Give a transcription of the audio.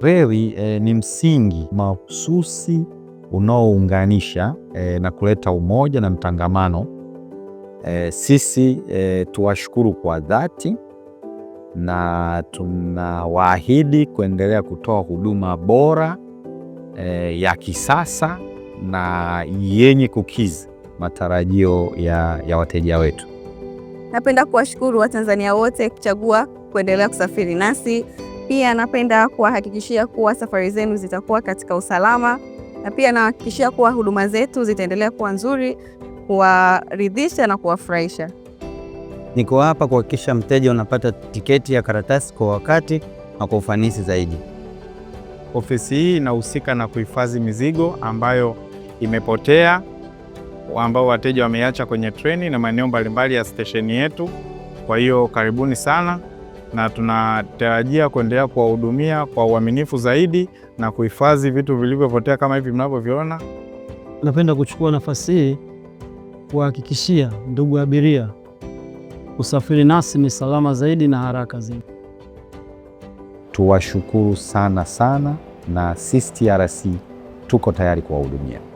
Reli e, eh, ni msingi mahususi unaounganisha e, na kuleta umoja na mtangamano. E, sisi e, tuwashukuru kwa dhati na tunawaahidi kuendelea kutoa huduma bora e, ya kisasa na yenye kukizi matarajio ya, ya wateja wetu. Napenda kuwashukuru Watanzania wote kuchagua kuendelea kusafiri nasi. Pia napenda kuwahakikishia kuwa safari zenu zitakuwa katika usalama, na pia nahakikishia kuwa huduma zetu zitaendelea kuwa nzuri, kuwaridhisha na kuwafurahisha. Niko hapa kuhakikisha mteja unapata tiketi ya karatasi kwa wakati na kwa ufanisi zaidi. Ofisi hii inahusika na kuhifadhi mizigo ambayo imepotea, ambao wateja wameacha kwenye treni na maeneo mbalimbali ya stesheni yetu. Kwa hiyo karibuni sana na tunatarajia kuendelea kuwahudumia kwa uaminifu zaidi na kuhifadhi vitu vilivyopotea kama hivi mnavyoviona. Napenda kuchukua nafasi hii kuhakikishia ndugu abiria usafiri nasi ni salama zaidi na haraka zaidi. Tuwashukuru sana sana, na sisi TRC tuko tayari kuwahudumia.